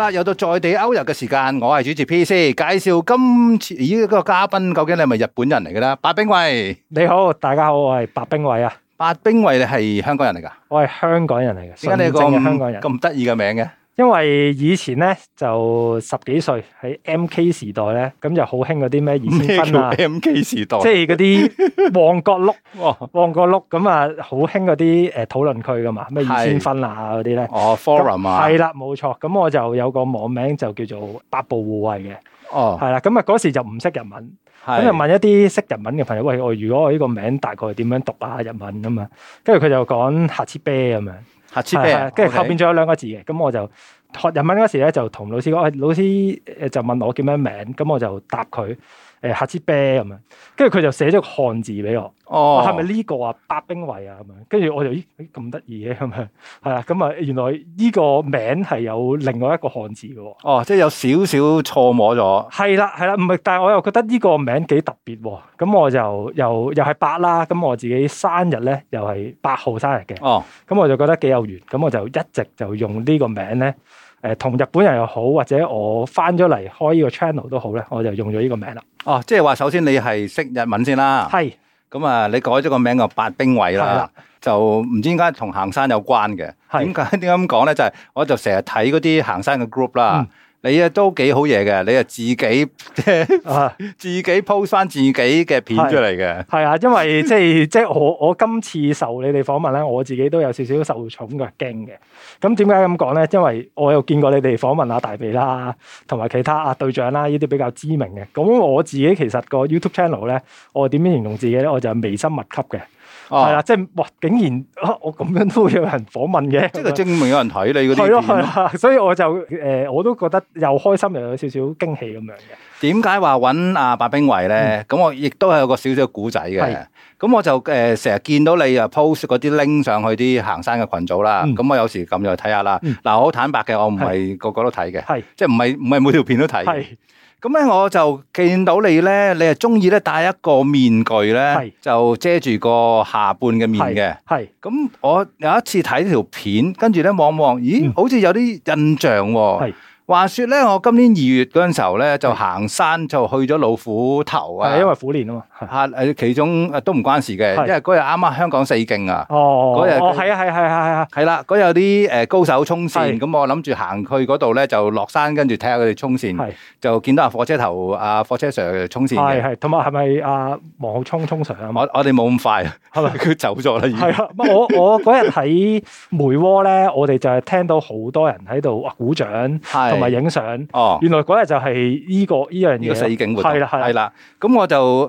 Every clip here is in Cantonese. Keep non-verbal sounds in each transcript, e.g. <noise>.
啦，有到在地 Out 遊嘅時間，我係主持 PC 介紹今次呢一個嘉賓，究竟你係咪日本人嚟嘅啦？八兵衛，你好，大家好，我係八兵衛啊。八兵衛你係香港人嚟㗎？我係香港人嚟嘅，點解你個香港人咁得意嘅名嘅？因為以前咧就十幾歲喺 M K 時代咧，咁就好興嗰啲咩二千分啊，M K 時代，即係嗰啲旺角碌， <laughs> 旺角碌咁、呃、啊，好興嗰啲誒討論區噶嘛，咩二千分啊嗰啲咧，哦 Forum 啊，係啦冇錯，咁我就有個網名就叫做八部護衛嘅，哦係啦，咁啊嗰時就唔識日文，咁是就問一啲識日文嘅朋友，喂，我如果我呢個名大概係點樣讀啊日文啊嘛，跟住佢就講下次啤咁樣。.吓！黐咩？跟住後邊仲有兩個字嘅，咁我就。學日文嗰時咧，就同老師講，老師誒就問我叫咩名，咁我就答佢誒夏之啤咁樣，跟住佢就寫咗個漢字俾我，哦，係咪呢個啊？八兵衛啊咁樣，跟住我就咦咁得意嘅咁樣，係啦，咁啊 <laughs> 原來呢個名係有另外一個漢字喎，哦，即係有少少錯摸咗，係啦係啦，唔係，但係我又覺得呢個名幾特別喎，咁我就又又係八啦，咁我自己生日咧又係八號生日嘅，哦，咁我就覺得幾有緣，咁我就一直就用呢個名咧。誒同日本人又好，或者我翻咗嚟開呢個 channel 都好咧，我就用咗呢個名啦。哦、啊，即係話首先你係識日文先啦。係是，咁啊你改咗個名就八兵衛啦，的就唔知點解同行山有關嘅。點解點解咁講咧？就係、是、我就成日睇嗰啲行山嘅 group 啦、嗯。你啊都幾好嘢嘅，你啊自己即係啊自己 post 翻自己嘅片出嚟嘅，係啊，因為即係即係我我今次受你哋訪問咧，我自己都有少少受寵若驚嘅。咁點解咁講咧？因為我又見過你哋訪問阿大髀啦，同埋其他啊對象啦，呢啲比較知名嘅。咁我自己其實個 YouTube channel 咧，我點樣形容自己咧？我就係微生物級嘅。係啦，哦、即係哇！竟然、啊、我咁樣都會有人訪問嘅，即係證明有人睇你嗰啲片。所以我就誒、呃，我都覺得又開心又有少少驚喜咁樣嘅、啊。點解話搵阿八兵衛咧？咁我亦都係有個少少古仔嘅。咁是的 我就誒，成、呃、日見到你呀 post 嗰啲拎上去啲行山嘅群組啦。咁、嗯、我有時咁就睇下啦。嗱、嗯嗯呃，我好坦白嘅，我唔係個個都睇嘅，係即係唔係唔係每條片都睇。咁咧，我就見到你咧，你係中意咧戴一個面具咧，係就遮住個下半嘅面嘅。係，咁我有一次睇條片，跟住咧望望，咦，嗯、好似有啲印象喎、係。話説咧，我今年二月嗰陣時候咧，就行山就去咗老虎頭啊。係因為虎年啊嘛。嚇誒，其中誒都唔關事嘅，的因為嗰日啱啱香港四徑啊。哦。嗰日、嗰個。哦，係啊，係係係係啊。係啦，嗰日有啲誒高手衝線，咁的我諗住行去嗰度咧就落山，跟住睇下佢哋衝線。係的。就見到阿火車頭、阿火車 sir 衝線嘅。係同埋係咪阿黃浩聰衝上啊？我我哋冇咁快啊，係咪佢走咗啦？係啦。不過我我嗰日喺梅窩咧，我哋就係聽到好多人喺度啊鼓掌。係。咪影相哦！原來嗰日就係呢個呢樣嘢嘅四景活動，係啦係啦。咁我就誒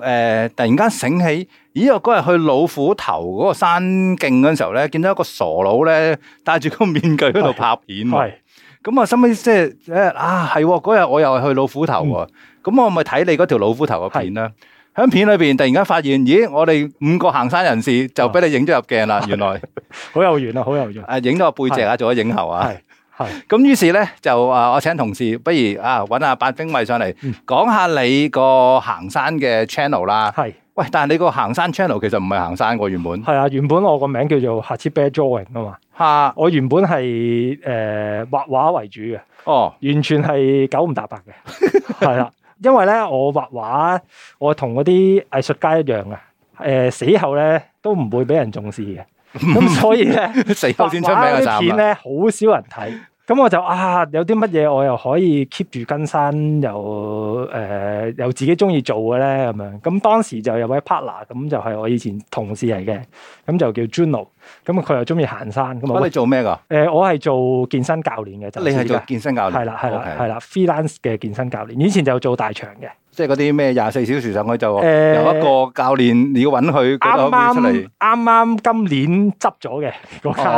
突然間醒起，咦！我嗰日去老虎頭嗰個山徑嗰陣時候咧，見到一個傻佬咧戴住個面具喺度拍片。係咁啊，心諗即係誒啊，係嗰日我又去老虎頭啊！咁我咪睇你嗰條老虎頭嘅片啦。響片裏邊突然間發現，咦！我哋五個行山人士就俾你影咗入鏡啦。原來好有緣啊，好有緣啊！影咗個背脊啊，做咗影后啊。咁於是咧就啊，我請同事，不如啊揾阿八兵衛上嚟講下你個行山嘅 channel 啦。係的，喂，但係你個行山 channel 其實唔係行山個原本。係啊，原本我個名叫做 Hatchback Drawing 啊嘛。嚇，我原本係誒、呃、畫畫為主嘅。哦，完全係九唔搭八嘅。係啦， <laughs> 因為咧我畫畫，我同嗰啲藝術家一樣啊，誒死後咧都唔會俾人重視嘅。咁、嗯嗯、所以咧，死後先出名嘅時候，畫畫片咧好少人睇。咁我就啊有啲乜嘢我又可以 keep 住更新又誒有、呃、自己中意做嘅咧咁樣，咁當時就有位 partner 咁就係我以前同事嚟嘅，咁就叫 Juno 咁佢又中意行山。咁你做咩噶？誒、呃、我係做健身教練嘅。就是、你係做健身教練，係啦係啦係啦，freelance 嘅健身教練，以前就做大場嘅。即係嗰啲咩廿四小時，上去就有一個教練你要揾佢。啱啱出嚟，啱啱今年執咗嘅。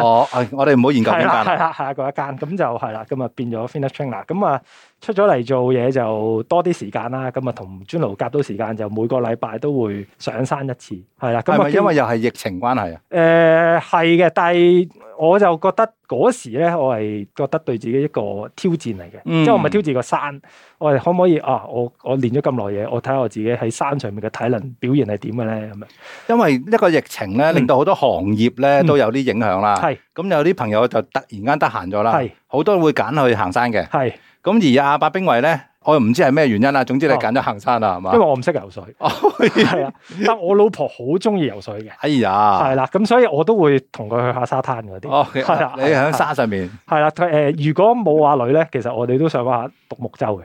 哦，我哋唔好研究呢間，係啦係啦係嗰一間，咁就係啦，咁啊變咗 fitness trainer，咁啊出咗嚟做嘢就多啲時間啦，咁啊同磚爐夾到時間，就每個禮拜都會上山一次，係啦，咁啊，係咪因為又係疫情關係啊？誒，係嘅，但係。我就覺得嗰時咧，我係覺得對自己一個挑戰嚟嘅，嗯、即係我咪挑戰個山，我哋可唔可以啊？我我練咗咁耐嘢，我睇下我自己喺山上面嘅體能表現係點嘅咧咁樣呢。因為一個疫情咧，嗯、令到好多行業咧都有啲影響啦。係、嗯，咁、嗯、有啲朋友就突然間得閒咗啦。係是，好多會揀去行山嘅。係是，咁而阿八兵衛咧。我又唔知係咩原因啦，總之你揀咗行山啦，係嘛？因為我唔識游水，係啊， <laughs> 但我老婆好中意游水嘅。哎呀，係啦，咁所以我都會同佢去下沙灘嗰啲。哦，係啦，你喺沙上面。係啦，誒，如果冇阿女咧，其實我哋都想玩下獨木舟嘅。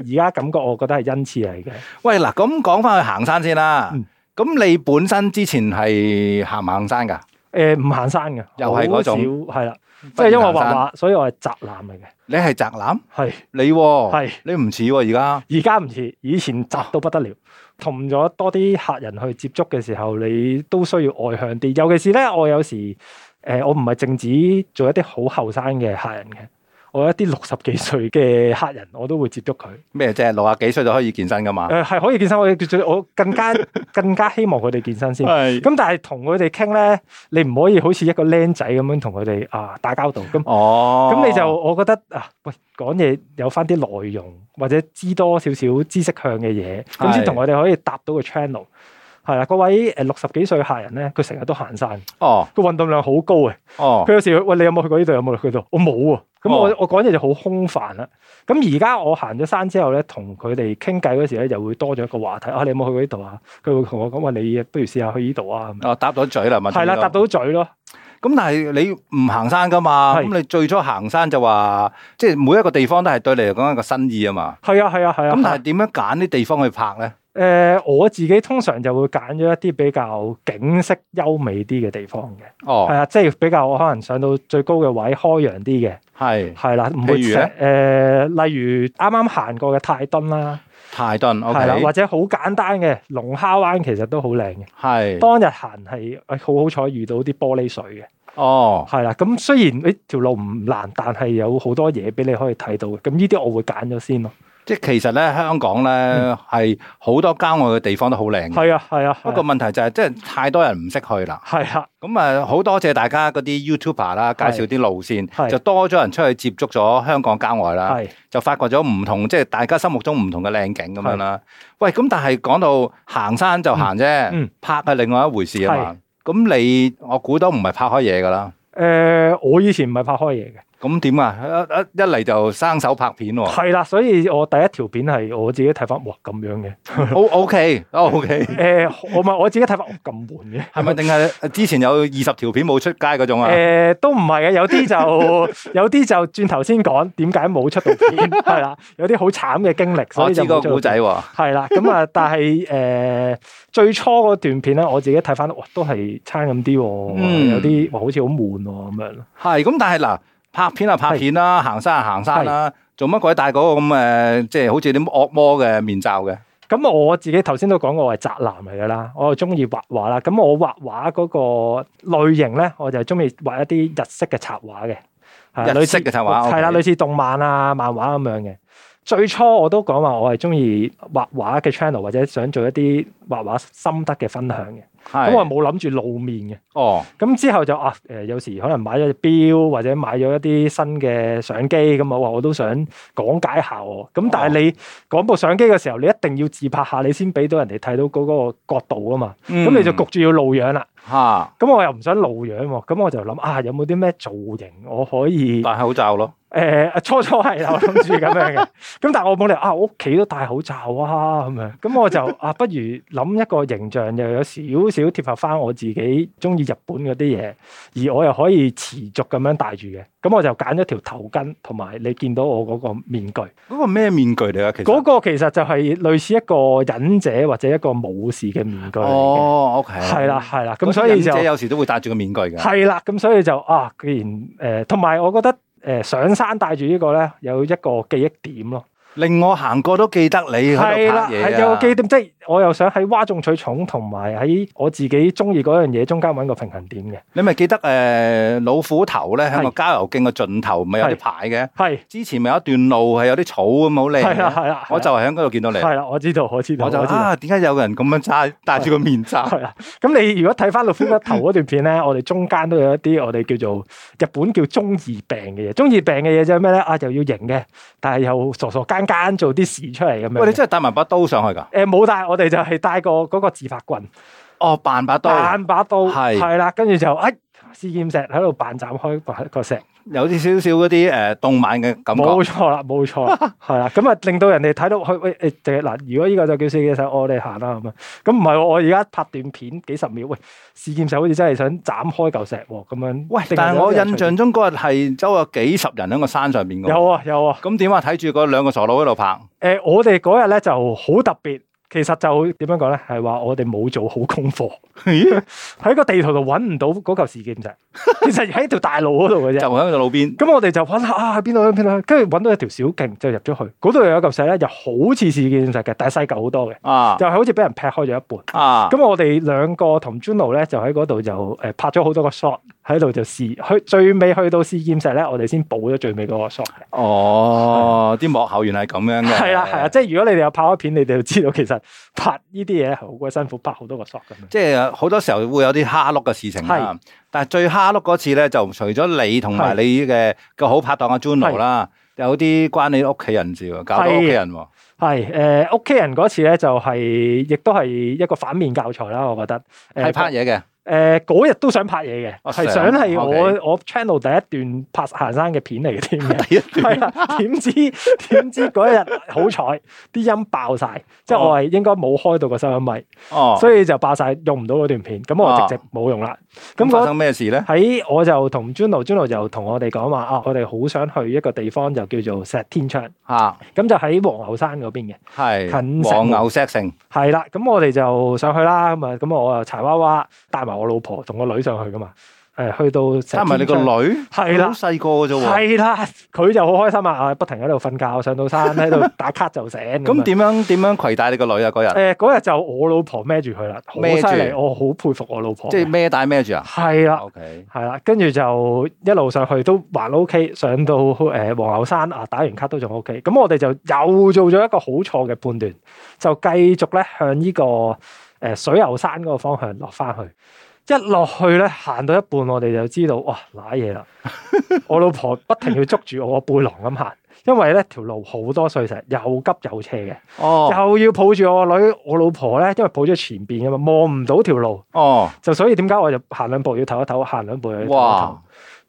而家感覺我覺得係恩賜嚟嘅。喂，嗱，咁講返去行山先啦。咁、嗯、你本身之前係行唔行山㗎？誒、呃，唔行山嘅，好少係啦。即係因為我畫畫，所以我係宅男嚟嘅。你係宅男？係你喎。係你唔似喎，而家。而家唔似，以前宅到不得了。同咗、啊、多啲客人去接觸嘅時候，你都需要外向啲。尤其是咧，我有時誒、呃，我唔係淨止做一啲好後生嘅客人嘅。我一啲六十幾歲嘅客人，我都會接觸佢。咩即係六啊幾歲就可以健身噶嘛？誒、呃，係可以健身。我我更加 <laughs> 更加希望佢哋健身先。咁是但係同佢哋傾咧，你唔可以好似一個僆仔咁樣同佢哋啊打交道。咁哦，咁你就我覺得啊，喂，講嘢有翻啲內容，或者知多少少知識向嘅嘢，咁先同我哋可以搭到個 channel。係啦，各位誒六十幾歲嘅客人咧，佢成日都行山，哦，個運動量好高嘅，哦，佢有時喂，你有冇去過呢度？有冇去過呢度？我冇啊。咁我、哦、我講嘢就好空泛啦。咁而家我行咗山之後咧，同佢哋傾偈嗰時咧，就會多咗一個話題。啊，你有冇去過呢度啊？佢會同我講話，你不如試下去呢度啊。是是哦，搭到嘴啦，係啦，搭到嘴咯。咁但係你唔行山噶嘛？咁是你最初行山就話，即係每一個地方都係對你嚟講一個新意啊嘛。係啊，係啊，係啊。咁、啊啊啊啊、但係點樣揀啲地方去拍咧？誒、呃，我自己通常就會揀咗一啲比較景色優美啲嘅地方嘅，哦，係啊，即係比較可能上到最高嘅位，開揚啲嘅，係的，係啦的，唔會誒，例如啱啱行過嘅泰頓啦，泰頓，係、okay、啦，或者好簡單嘅龍蝦灣其實都好靚嘅，係的，當日行係誒，好好彩遇到啲玻璃水嘅，哦，係啦，咁、嗯、雖然誒條、哎、路唔難，但係有好多嘢俾你可以睇到嘅，咁呢啲我會揀咗先咯。即係其實咧，香港咧係好多郊外嘅地方都好靚嘅。係啊，係啊。不過問題就係，即係太多人唔識去啦。係啊。咁啊，好多謝大家嗰啲 YouTuber 啦，介紹啲路線，就多咗人出去接觸咗香港郊外啦。係。就發覺咗唔同，即係大家心目中唔同嘅靚景咁樣啦。喂，咁但係講到行山就行啫，拍係另外一回事啊嘛。咁你我估都唔係拍開嘢㗎啦。誒，我以前唔係拍開嘢嘅。咁點啊？一一嚟，就生手拍片喎。係啦，所以我第一條片係我自己睇翻，哇，咁樣嘅。OK，OK。誒，我咪我自己睇翻，咁悶嘅。係咪定係之前有二十條片冇出街嗰種啊？誒，都唔係嘅，有啲就有啲就轉頭先講，點解冇出到片？係啦，有啲好慘嘅經歷，所以就個故仔。係啦，咁啊，但係誒，最初個段片咧，我自己睇翻，哇，都係差咁啲，有啲好似好悶咁樣。係，咁但係嗱。拍片啊拍片啦，的行山啊行山啦，的做乜鬼戴嗰、那個咁誒，即、呃、係、就是、好似啲惡魔嘅面罩嘅。咁我自己頭先都講過我係宅男嚟噶啦，我中意畫畫啦。咁我畫畫嗰個類型咧，我就係中意畫一啲日式嘅插畫嘅，日女式嘅插畫係啦，類似動漫啊、漫畫咁樣嘅。最初我都講話我係中意畫畫嘅 channel，或者想做一啲畫畫心得嘅分享嘅。咁是我冇諗住露面嘅，咁、哦、之後就啊，誒有時可能買咗隻表或者買咗一啲新嘅相機，咁我話我都想講解下我，咁但係你講部相機嘅時候，你一定要自拍下，你先俾到人哋睇到嗰個角度啊嘛，咁、嗯、你就焗住要露樣啦，咁、啊、我又唔想露樣，咁我就諗啊，有冇啲咩造型我可以戴口罩咯？誒、呃，初初係 <laughs> 有諗住咁樣嘅，咁但係我冇理由啊，屋企都戴口罩啊，咁樣，咁我就啊，不如諗一個形象又有少。少貼合翻我自己中意日本嗰啲嘢，而我又可以持續咁樣戴住嘅，咁我就揀咗條頭巾同埋你見到我嗰個面具。嗰個咩面具嚟啊？其嗰個其實就係類似一個忍者或者一個武士嘅面具。哦、oh，OK，係啦係啦，咁所以就忍者有時都會戴住個面具嘅。係啦，咁所以就啊，既然誒，同埋我覺得誒，上山戴住呢個咧，有一個記憶點咯。令我行過都記得你嗰排嘢，係又記得，即係我又想喺嘩眾取寵同埋喺我自己中意嗰樣嘢中間揾個平衡點嘅。你咪記得誒、呃，老虎頭咧喺是的 個郊遊徑嘅盡頭咪有啲牌嘅，係之前咪有一段路係有啲草咁好靚，係啊係啊，我就係喺嗰度見到你。係啦，我知道，我知道，我就我知我知啊，點解有個人咁樣揸戴住個面罩？係啦，咁你如果睇翻老虎頭嗰段片咧， <laughs> 我哋中間都有一啲我哋叫做日本叫中二病嘅嘢，中二病嘅嘢就係咩咧？啊，又要型嘅，但係又傻傻間做啲事出嚟咁樣，喂，你真係帶埋把刀上去噶？誒、呃，冇帶，我哋就係帶個嗰個自拍棍。哦，扮把刀，扮把刀，係係啦，跟住就誒，試劍石喺度扮斬開個個石。有啲少少嗰啲誒，動漫嘅感覺。冇錯啦，冇錯，係啦， <laughs> 咁啊，令到人哋睇到去喂誒，就係嗱，如果依個就叫試劍石，我哋行啦咁啊。咁唔係我，我而家拍段片，幾十秒，喂，試劍石就好似真係想斬開嚿石喎，咁樣。喂，但我印象中嗰日係周圍幾十人喺個山上邊有啊，有啊。咁點啊？睇住嗰兩個傻佬喺度拍。誒、呃，我哋嗰日咧就好特別。其實就點樣講咧，係話我哋冇做好功課，喺個地圖度揾唔到嗰嚿事件石，其實其實喺條大路嗰度嘅啫，就喺條路邊。咁我哋就揾下啊，喺邊度邊度，跟住揾到一條小徑就入咗去。嗰度又有嚿石咧，又好似事件石嘅，但係細嚿好多嘅，就係好似俾人劈開咗一半。咁、啊、我哋兩個同 Juno 咧就喺嗰度就誒拍咗好多個 shot。喺度就試去最尾去到試劍石咧，我哋先補咗最尾嗰個 shot。哦，啲是幕後原來係咁樣嘅。係啦，係啊。即係如果你哋有拍過片，你哋就知道其實拍呢啲嘢好鬼辛苦，拍好多個 shot 咁樣。即係好多時候會有啲蝦碌嘅事情係，的但係最蝦碌嗰次咧，就除咗你同埋你嘅個好拍檔嘅 Juno 啦，有啲關你屋企人事，搞到屋企人。係誒，屋企、呃、人嗰次咧就係、是、亦都係一個反面教材啦，我覺得係拍嘢嘅。的誒嗰日都想拍嘢嘅，係、啊、想係我 Okay 我 channel 第一段拍行山嘅片嚟嘅添，係啦 <laughs> 段，點知點知嗰日好彩啲音爆晒，哦、即係我係應該冇開到個收音咪，哦、所以就爆晒，用唔到嗰段片，咁我直接冇用啦。哦咁、嗯、發生咩事咧？喺我就同 Joan，Joan 就同我哋講話啊，我哋好想去一個地方，就叫做石天窗吓。咁、啊、就喺黃牛山嗰邊嘅，係是近黃牛石城。係啦，咁我哋就上去啦。咁啊，咁我啊柴娃娃帶埋我老婆同個女上去噶嘛。誒，去到攤埋你個女，係啦了，好細個嘅啫喎，係啦，佢就好開心啊！啊，不停喺度瞓覺，上到山喺度打卡就醒。咁點 <laughs> 樣點樣攜帶你個女啊？嗰日誒，嗰日就我老婆孭住佢啦，好犀利，我好佩服我老婆。即係孭帶孭住啊！係啦了，OK，係啦，跟住就一路上去都還 ok，上到誒、呃、黃牛山啊，打完卡都仲 ok。咁我哋就又做咗一個好錯嘅判斷，就繼續咧向呢、這個誒、呃、水牛山嗰個方向落翻去。一落去咧，行到一半，我哋就知道哇，瀨嘢啦！ <laughs> 我老婆不停要捉住我個背囊咁行，因為咧條路好多碎石，又急又斜嘅。哦，又要抱住我個女，我老婆咧，因為抱咗前邊㗎嘛，望唔到條路。哦，就所以點解我就行兩步要唞一唞，行兩步要唞一唞。哇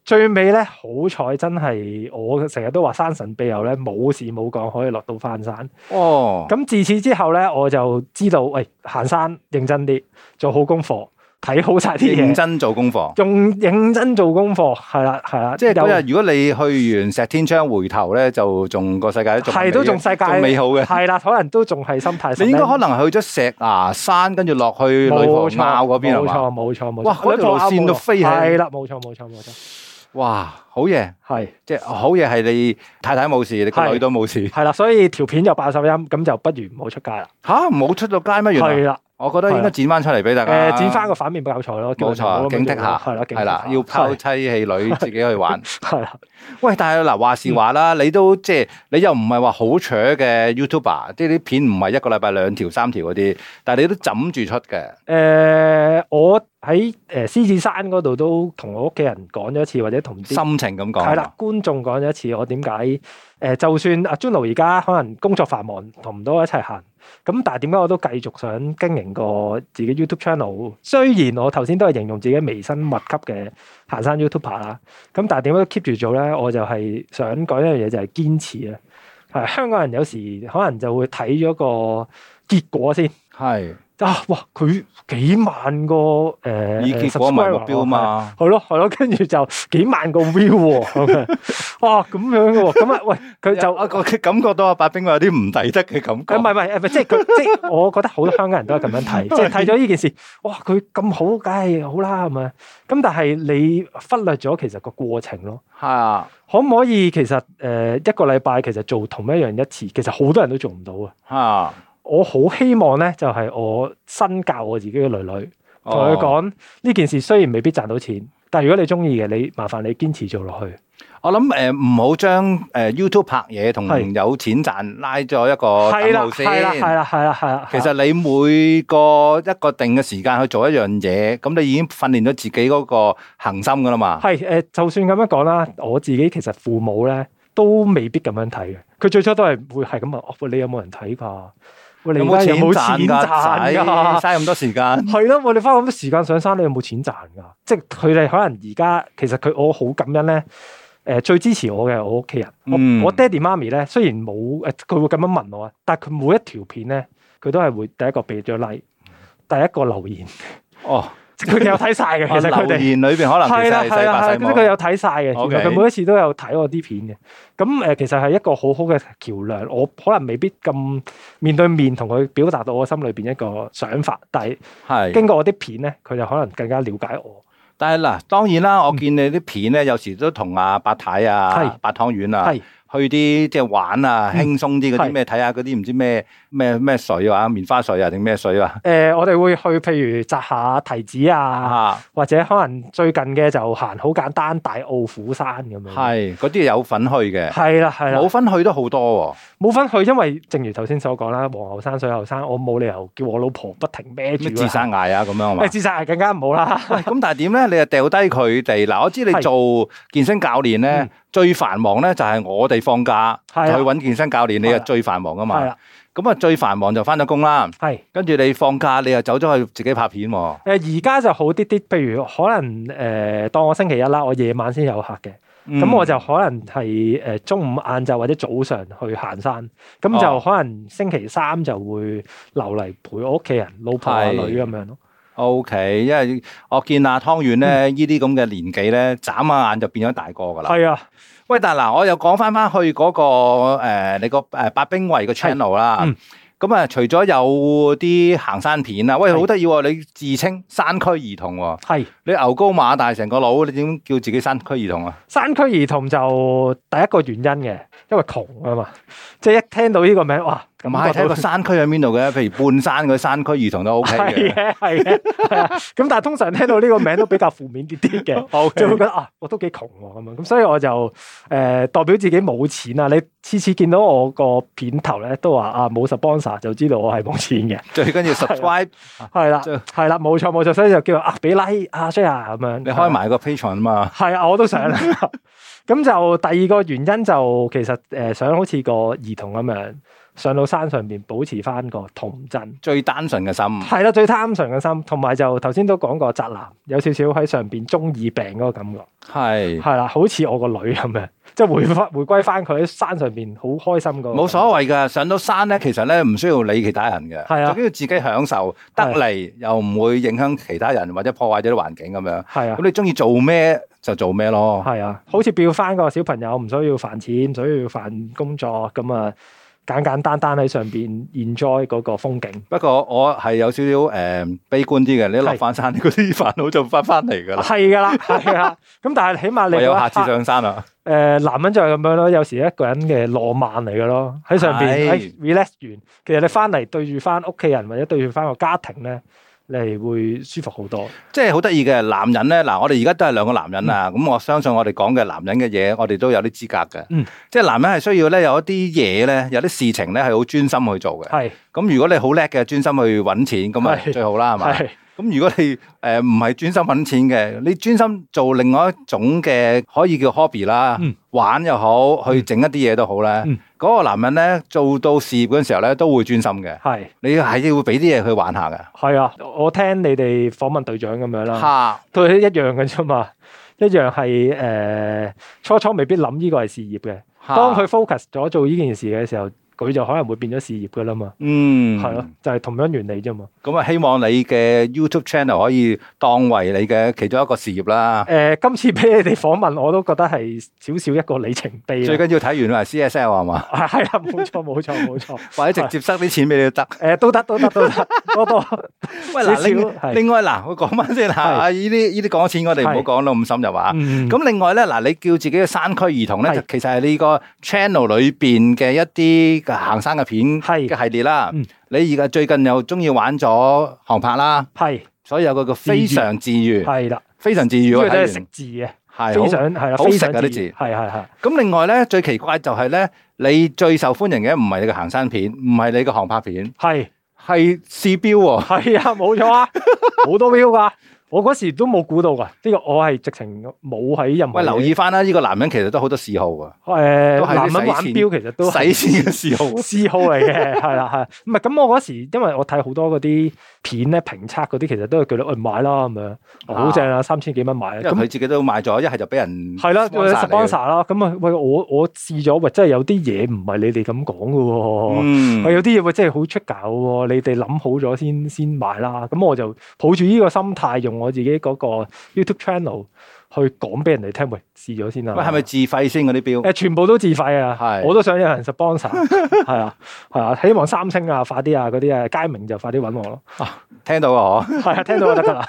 最尾咧，好彩真係我成日都話山神庇佑，咧，冇事冇講可以落到翻山。哦，咁自此之後咧，我就知道喂、哎，行山認真啲，做好功課。睇好晒啲嘢，認真做功課，用認真做功課，係啦，係啦，即係嗰日。如果你去完石天窗，回頭咧就仲個世界仲係都仲世界美好嘅，係啦，可能都仲係心態。你應該可能去咗石牙山，跟住落去旅茂嗰邊係嘛？冇錯，冇錯，冇錯。哇，嗰條路線都飛起，係啦，冇錯，冇錯，冇錯。哇，好嘢，係即係好嘢，係你太太冇事，你個女都冇事，係啦。所以條片就八十音，咁就不如唔好出街啦。吓，唔好出到街咩？原來。我覺得應該剪翻出嚟俾大家。誒、呃，剪翻個反面比較有彩咯。冇錯，警惕下。係啦、嗯，警惕下，要拋妻棄女，自己去玩。係啦的。 <laughs> 的喂，但係嗱話是話啦，你都即係你又唔係話好蠢嘅 YouTuber，即係啲片唔係一個禮拜兩條、三條嗰啲，但係你都枕住出嘅。誒、呃，我喺誒獅子山嗰度都同我屋企人講咗一次，或者同啲心情咁講。係啦，觀眾講咗一次，我點解誒？就算阿 Joan 而家可能工作繁忙，同唔到我一齊行。咁但係點解我都繼續想經營個自己 YouTube channel？雖然我頭先都係形容自己微生物級嘅行山 YouTuber 啦，咁但係點解都 keep 住做咧？我就係想講一樣嘢，就係堅持啦。係香港人有時可能就會睇咗個結果先，係。啊！哇！佢幾萬個誒，十萬個標嘛、嗯，係咯係咯，跟住就幾萬個 view 喎。 <laughs> 哇！咁樣喎，咁、嗯、啊喂，佢就 <laughs> 我感覺到阿八兵有啲唔抵得嘅感覺。唔係唔係唔係，即係佢即係我覺得好多香港人都係咁樣睇， <laughs> 即係睇咗呢件事。哇！佢咁好，梗係好啦，係咪？咁但係你忽略咗其實個過程咯。係啊，可唔可以其實誒、呃、一個禮拜其實做同一樣一次，其實好多人都做唔到啊。啊！ <laughs> 我好希望咧，就係、是、我身教我自己嘅女女，同佢講呢件事雖然未必賺到錢，但係如果你中意嘅，你麻煩你堅持做落去。我諗誒、唔、呃、好將誒、呃、YouTube 拍嘢同有錢賺是拉咗一個等號先係啦，係啦，係啦，係啦。其實你每個一個定嘅時間去做一樣嘢，咁你已經訓練咗自己嗰個恒心噶啦嘛。係誒、呃，就算咁樣講啦，我自己其實父母咧都未必咁樣睇嘅。佢最初都係會係咁啊，你有冇人睇吧？」喂，你冇錢賺噶，嘥咁 <laughs> 多時間。係咯， <laughs> 你花咁多時間上山，你有冇錢賺噶？即係佢哋可能而家，其實佢我好感恩咧。誒、呃，最支持我嘅我屋企人，我、嗯、我爹哋媽咪咧，雖然冇誒，佢會咁樣問我啊，但係佢每一條片咧，佢都係會第一個俾咗 like，第一個留言。哦。嗯 <laughs> 佢哋有睇晒嘅，其實佢哋留言裏邊可能係啦係啊係，咁佢有睇晒嘅。佢 Okay. 每一次都有睇我啲片嘅。咁誒，其實係一個好好嘅橋梁。我可能未必咁面對面同佢表達到我心裏邊一個想法，但係經過我啲片咧，佢就可能更加了解我。但係嗱，當然啦，我見你啲片咧，有時都同阿八太啊、八湯丸啊。去啲即係玩啊，輕鬆啲嗰啲咩睇下，嗰啲唔知咩咩咩水啊，棉花水啊定咩水啊？誒、呃，我哋會去譬如摘下提子啊，或者可能最近嘅就行好簡單大澳虎山咁樣。係嗰啲有份去嘅，係啦係啦，冇分去都好多喎。冇分去，因為正如頭先所講啦，黃牛山、水牛山，我冇理由叫我老婆不停孭住自殺崖啊咁樣啊嘛？ <laughs> 自殺崖更加唔好啦。咁但係點咧？你又掉低佢哋嗱？re pe ats 我知你做健身教練咧，最繁忙咧就係我哋。放假就去揾健身教練，你又最繁忙噶嘛？咁啊的，最繁忙就翻咗工啦。係的，跟住你放假，你又走咗去自己拍片。誒、呃，而家就好啲啲，譬如可能誒、呃，當我星期一啦，我夜晚先有客嘅，咁、嗯、我就可能係誒中午晏晝或者早上去行山，咁就可能星期三就會留嚟陪我屋企人、老婆啊女咁、哦、樣咯。O、okay, K，因為我見阿湯圓咧呢啲咁嘅年紀咧，嗯、眨下眼就變咗大個噶啦。係啊。喂，但嗱，我又講翻翻去嗰、那個、呃、你個誒八兵衛嘅 channel 啦，咁啊，嗯、除咗有啲行山片啊，喂，好得意喎，你自稱山區兒童喎、哦，係是你牛高馬大成個佬，你點叫自己山區兒童啊？山區兒童就第一個原因嘅，因為窮啊嘛，即、就、係、是、一聽到呢個名，哇！咁啊，睇個，個山區喺邊度嘅，譬如半山嗰山區兒童都 O K 嘅，係係嘅。咁 <laughs> 但係通常聽到呢個名都比較負面啲啲嘅，好就 <laughs> Okay. 會覺得啊，我都幾窮咁樣，咁所以我就誒、呃、代表自己冇錢啊！你次次見到我個片頭咧，都話啊冇 sponsor 就知道我係冇錢嘅。最緊要 subscribe 係啦的，係啦、啊，冇錯冇錯，所以就叫阿比拉阿 share 啊咁、like, 啊、樣。你開埋個 patron 啊嘛，係啊，我都想、啊。咁 <laughs> <laughs> 就第二個原因就其實誒想好似個兒童咁樣。上到山上邊，保持翻個童真，最單純嘅心，係啦，最單純嘅心。同埋就頭先都講過，宅男有少少喺上邊中二病嗰個感覺，係係啦，好似我個女咁樣，即係回翻回歸翻佢喺山上邊好開心個感覺。冇所謂噶，上到山咧，其實咧，唔需要理其他人嘅，最緊的要自己享受得嚟，的又唔會影響其他人或者破壞咗啲環境咁樣。係啊的，咁你中意做咩就做咩咯。係啊，好似變翻個小朋友，唔需要煩錢，唔需要煩工作咁啊。簡簡單單喺上邊 enjoy 嗰個風景。不過我係有少少誒、呃、悲觀啲嘅，你一落翻山嗰啲煩惱就翻翻嚟噶啦。係噶啦，係啊。咁 <laughs> 但係起碼你有下次上山啊。誒、呃，男人就係咁樣咯，有時一個人嘅浪漫嚟噶咯，喺上邊喺 relax 完，其實你翻嚟對住翻屋企人或者對住翻個家庭咧。你會舒服好多，即係好得意嘅男人呢。嗱，我哋而家都係兩個男人啊。咁、嗯、我相信我哋講嘅男人嘅嘢，我哋都有啲資格嘅。嗯，即係男人係需要呢，有一啲嘢呢，有啲事情呢，係好專心去做嘅。係是，咁如果你好叻嘅專心去揾錢，咁啊最好啦，係咪是？吧咁如果你誒唔係專心揾錢嘅，你專心做另外一種嘅可以叫 hobby 啦、嗯，玩又好，嗯、去整一啲嘢都好咧。嗰、嗯、個男人咧做到事業嗰陣時候咧，都會專心嘅。係是，你係要會俾啲嘢去玩下嘅。係啊，我聽你哋訪問隊長咁樣啦，對一樣嘅啫嘛，一樣係誒、呃、初初未必諗呢個係事業嘅。當佢 focus 咗做呢件事嘅時候，佢就可能會變咗事業噶啦嘛，嗯，係咯，就係同樣原理啫嘛。咁啊，希望你嘅 YouTube channel 可以當為你嘅其中一個事業啦。誒，今次俾你哋訪問，我都覺得係少少一個里程碑。最緊要睇完啊，CSL 係嘛？係啦，冇錯冇錯冇錯。或者直接塞啲錢俾你都得。誒，都得都得都得，多多。喂嗱，另另外嗱，我講翻先嚇，呢啲呢啲講錢，我哋唔好講到咁深就話。咁另外咧嗱，你叫自己嘅山區兒童咧，其實係呢個 channel 裏邊嘅一啲。行山嘅片嘅系列啦，你而家最近又中意玩咗航拍啦，係，所以有個叫「非常治愈」，係啦，非常治愈。因為都係識字嘅，係，好係啦，好食嘅啲字，係係係。咁另外咧，最奇怪就係咧，你最受歡迎嘅唔係你嘅行山片，唔係你嘅航拍片，係係試標喎，係啊，冇錯啊，好多標噶。我嗰時都冇估到噶，呢、這個我係直情冇喺任何。喂，留意翻啦，呢、這個男人其實都好多嗜好噶。誒，男人玩表其實都係使錢嘅嗜好， <laughs> 嗜好嚟嘅，係啦係。唔係咁我嗰時，因為我睇好多嗰啲片咧，評測嗰啲，其實都係叫你去買啦咁樣，好正啊，三千幾蚊買。咁、啊、因為佢自己都買咗，一係就俾人係啦，或者 sponsor 啦。咁啊，喂、嗯，我我試咗，喂，真係有啲嘢唔係你哋咁講噶喎。嗯、有啲嘢喂，真係好出格喎。你哋諗好咗先先買啦。咁我就抱住呢個心態用我自己嗰個 YouTube channel 去講俾人哋聽，喂，試咗先啦。喂，係咪自費先嗰啲錶？誒，全部都自費啊！係是，我都想有人 sponsor。係啊，係啊，希望三星啊，快啲啊，嗰啲啊，佳明就快啲揾我咯。啊，聽到啊，嗬，係啊，聽到我啊，得得啦。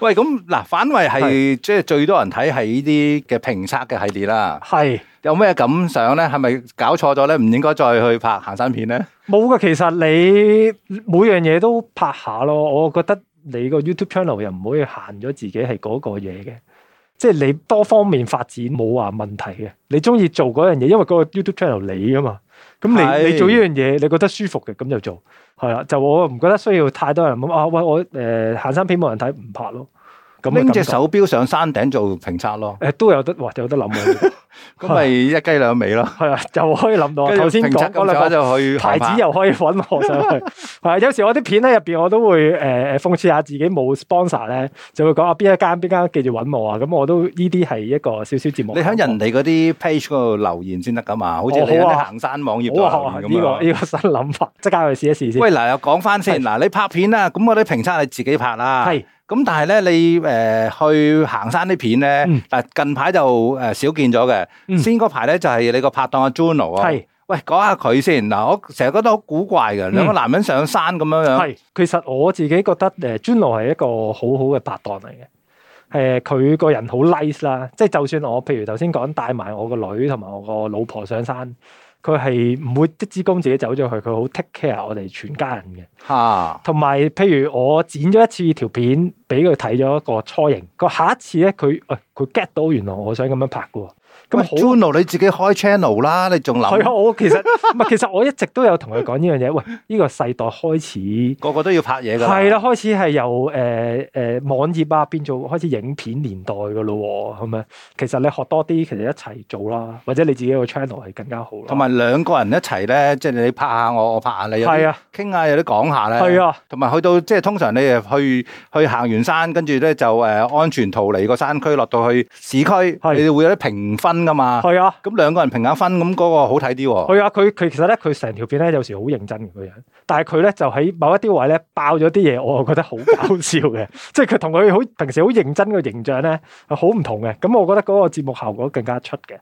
喂，咁嗱，反為係即係最多人睇係呢啲嘅評測嘅系列啦。係是。有咩感想咧？係咪搞錯咗咧？唔應該再去拍行山片咧？冇噶，其實你每樣嘢都拍下咯，我覺得。你個 YouTube channel 又唔可以限咗自己係嗰個嘢嘅，即係你多方面發展冇話問題嘅。你中意做嗰樣嘢，因為個 YouTube channel 你㗎嘛，咁你是你做呢樣嘢，你覺得舒服嘅，咁就做係啦。就我唔覺得需要太多人咁啊。喂，我、呃、誒行山片冇人睇，唔拍咯。拎隻手表上山頂做評測咯，誒都有得，哇，有得諗咁咪一雞兩味咯，係 <laughs> 啊，啊，又可以諗到。頭先評測嘅諗法就去牌子又可以搵我上去。係、 <laughs> 啊、有時我啲片喺入邊，我都會誒誒諷刺下自己冇 sponsor 咧，就會講啊，邊一間邊間記住搵我啊！咁我都呢啲係一個少少節目。你喺人哋嗰啲 page 嗰度留言先得噶嘛？好似、啊、你喺行山網頁度咁啊！呢、啊這個呢、這個新諗、這個、法，即刻去試一試先。喂，嗱，又講翻先，嗱，你拍片啊，咁我啲評測係自己拍啦，係。咁但係咧，你誒去行山啲片咧，嗱、嗯、近排就誒少見咗嘅。嗯、先嗰排咧就係你個拍檔阿 Juno 啊是，喂講下佢先嗱，我成日覺得好古怪嘅、嗯、兩個男人上山咁樣樣。係，其實我自己覺得誒 Juno 係一個好好嘅拍檔嚟嘅。誒佢個人好 nice、like, 啦，即係就算我譬如頭先講帶埋我個女同埋我個老婆上山，佢係唔會一支公自己走咗去，佢好 take care 我哋全家人嘅。吓，同埋譬如我剪咗一次條片俾佢睇咗一個初型，個下一次咧佢，喂佢 get 到原來我想咁樣拍嘅，咁 c h a n n 你自己開 channel 啦，你仲留？我其實唔係， <laughs> 其實我一直都有同佢講呢樣嘢。喂，呢、這個世代開始個個都要拍嘢噶，係啦，開始係由誒誒、呃、網頁啊變做開始影片年代噶咯，咁啊，其實你多學多啲，其實一齊做啦，或者你自己一個 channel 係更加好啦。同埋兩個人一齊咧，即係你拍下我，我拍下你的，係啊，傾下有啲講。係啊，同埋去到即係通常你誒去去行完山，跟住咧就誒安全逃離個山區，落到去市區，的你會有啲評分噶嘛。係的、那個、啊，咁兩個人評下分，咁嗰個好睇啲。係啊，佢佢其實咧，佢成條片咧有時好認真嘅個人，但係佢咧就喺某一啲位咧爆咗啲嘢，我係覺得好搞笑嘅，即係佢同佢好平時好認真嘅形象咧係好唔同嘅。咁我覺得嗰 <laughs> 個節目效果更加出嘅。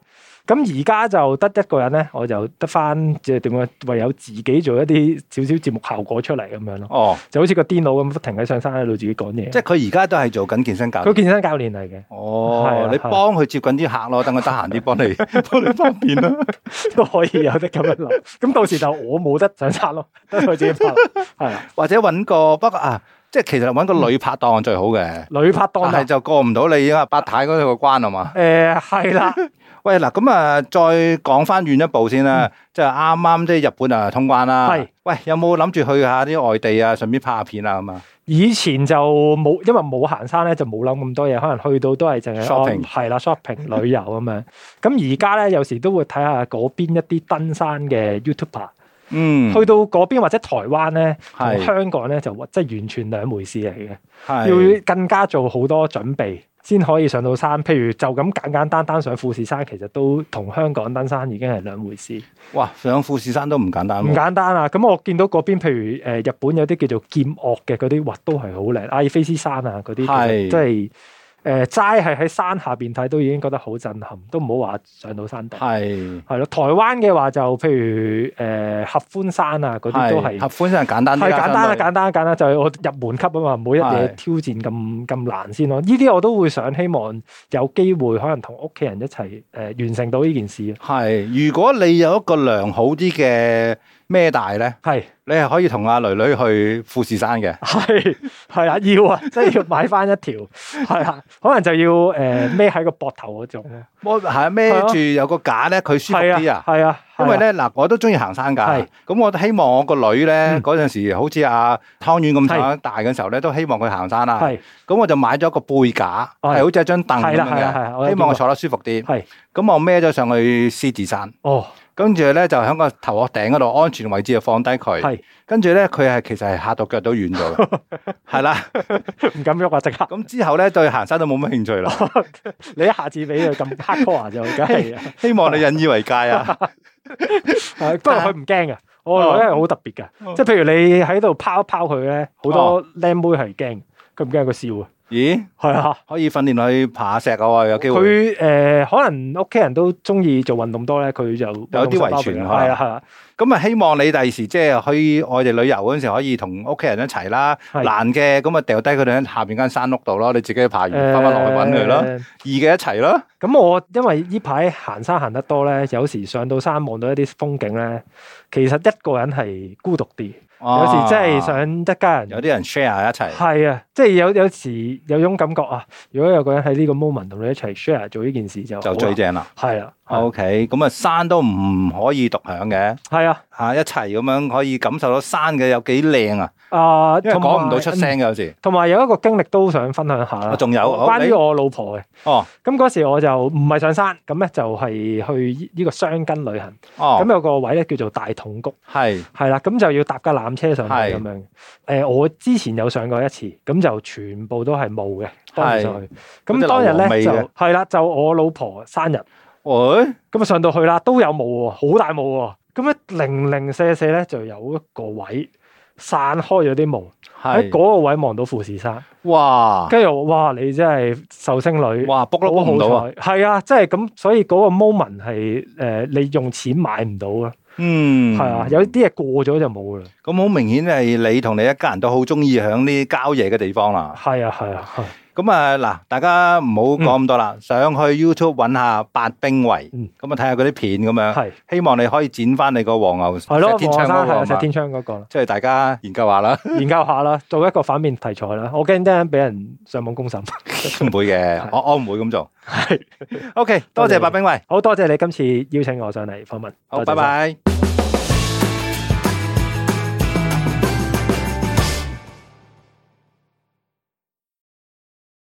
咁而家就得一個人咧，我就得返即係點樣，唯有自己做一啲少少節目效果出嚟咁樣咯。哦，就好似個癲佬咁不停喺上山喺度自己講嘢。即係佢而家都係做緊健身教練。佢健身教練嚟嘅。哦，係你幫佢接緊啲客咯，等佢得閒啲幫你幫你方便啦，都可以有得咁樣諗。咁到時就我冇得上山咯，等佢自己拍。係，或者揾個不過啊，即係其實揾個女拍檔最好嘅。女拍檔係就過唔到你啊八太嗰個關啊嘛。誒，係啦。喂，嗱咁啊，再講翻遠一步先啦，嗯、即係啱啱即係日本啊通關啦。係是喂，有冇諗住去下啲外地啊，順便拍下片啊咁啊？以前就冇，因為冇行山咧，就冇諗咁多嘢。可能去到都係淨係 shopping，係啦 shopping 旅遊咁樣。咁而家咧，有時都會睇下嗰邊一啲登山嘅 YouTuber。嗯，去到嗰邊或者台灣咧，是同香港咧就即係完全兩回事嚟嘅，是是要更加做好多準備。先可以上到山，譬如就咁簡簡單單上富士山，其實都同香港登山已經係兩回事。哇！上富士山都唔簡單。唔簡單啊！咁我見到嗰邊，譬如誒日本有啲叫做劍岳嘅嗰啲，都係好靚。阿爾卑斯山啊，嗰啲即係。是誒齋係喺山下邊睇都已經覺得好震撼，都唔好話上到山頂。係係咯，台灣嘅話就譬如誒、呃、合歡山啊，嗰啲都係合歡山簡單啲。太簡單啦，簡單簡單就係、係、我入門級啊嘛，唔好一嘢挑戰咁咁的難先咯。呢啲我都會想希望有機會可能同屋企人一齊誒、呃、完成到呢件事。係，如果你有一個良好啲嘅。孭大咧？係你係可以同阿女女去富士山嘅。係係啊，要啊，即係要買翻一條。係啊，可能就要誒孭喺個膊頭嗰種咯。我係孭住有個架咧，佢舒服啲啊。係啊，因為咧嗱，我都中意行山噶。咁我希望我個女咧，嗰陣時好似阿湯圓咁樣大嘅時候咧，都希望佢行山啦。係咁，我就買咗個背架，係好似一張凳咁樣嘅，希望我坐得舒服啲。係咁，我孭咗上去獅子山。哦。跟住咧就喺個頭殼頂嗰度安全位置就放低佢。係，跟住咧佢係其實係嚇到腳都軟咗嘅，係啦，唔敢喐啊，即刻。咁之後咧對行山都冇乜興趣啦。你一下子俾佢咁拍拖啊，就梗係。希望你引以為戒啊。不過佢唔驚嘅，我覺得係好特別噶，即係譬如你喺度拋一拋佢咧，好多靚妹係驚，佢唔驚佢笑啊。咦，係啊，可以訓練去爬石啊！有機會佢誒，可能屋企人都中意做運動多咧，佢就有啲遺傳，係啊，係啊。咁啊，希望你第時即係去外地旅遊嗰陣時，可以同屋企人一齊啦。難嘅咁啊，掉低佢哋喺下邊間山屋度咯，你自己爬完翻翻落去搵佢咯。易嘅、呃、一齊咯。咁我因為呢排行山行，行得多咧，有時上到山望到一啲風景咧，其實一個人係孤獨啲。有時真係想一家人，有啲人 share 一齊。係啊，即係有有時有種感覺啊！如果有個人喺呢個 moment 同你一齊 share 做呢件事就就最正啦。係啦。O K，咁啊，山都唔可以獨享嘅。係啊，吓，一齊咁樣可以感受到山嘅有幾靚啊，因為講唔到出聲嘅有時。同埋有一個經歷都想分享下啦，仲有關於我老婆嘅。哦，咁嗰時我就唔係上山，咁咧就係去呢個箱根旅行。哦，咁有個位咧叫做大涌谷。係係啦，咁就要搭架纜車上去咁樣。誒，我之前有上過一次，咁就全部都係霧嘅，翻上去。咁當日咧就係啦，就我老婆生日。喂，咁啊上到去啦，都有霧喎，好大霧喎。咁咧零零四四咧就有一個位散開咗啲霧，喺嗰是個位望到富士山。哇嘩，跟住哇，你真係壽星女，哇卜碌好彩。係運啊，即係咁，所以嗰個 moment 係誒，你用錢買唔到啊。嗯，係啊，有啲嘢過咗就冇啦。咁好、嗯、明顯係你同你一家人都好中意響啲郊野嘅地方啦。係啊，係啊，係、啊。咁啊，嗱，大家唔好講咁多啦，上去 YouTube 揾下八兵衛，咁啊睇下嗰啲片咁樣，希望你可以剪翻你個黃牛，係咯，天窗嗰個，石天窗嗰個，即係大家研究下啦，研究下啦，做一個反面題材啦，我驚等陣俾人上網公審。唔會嘅，我我唔會咁做，係，OK，多謝八兵衛。好多謝你今次邀請我上嚟訪問，好，拜拜。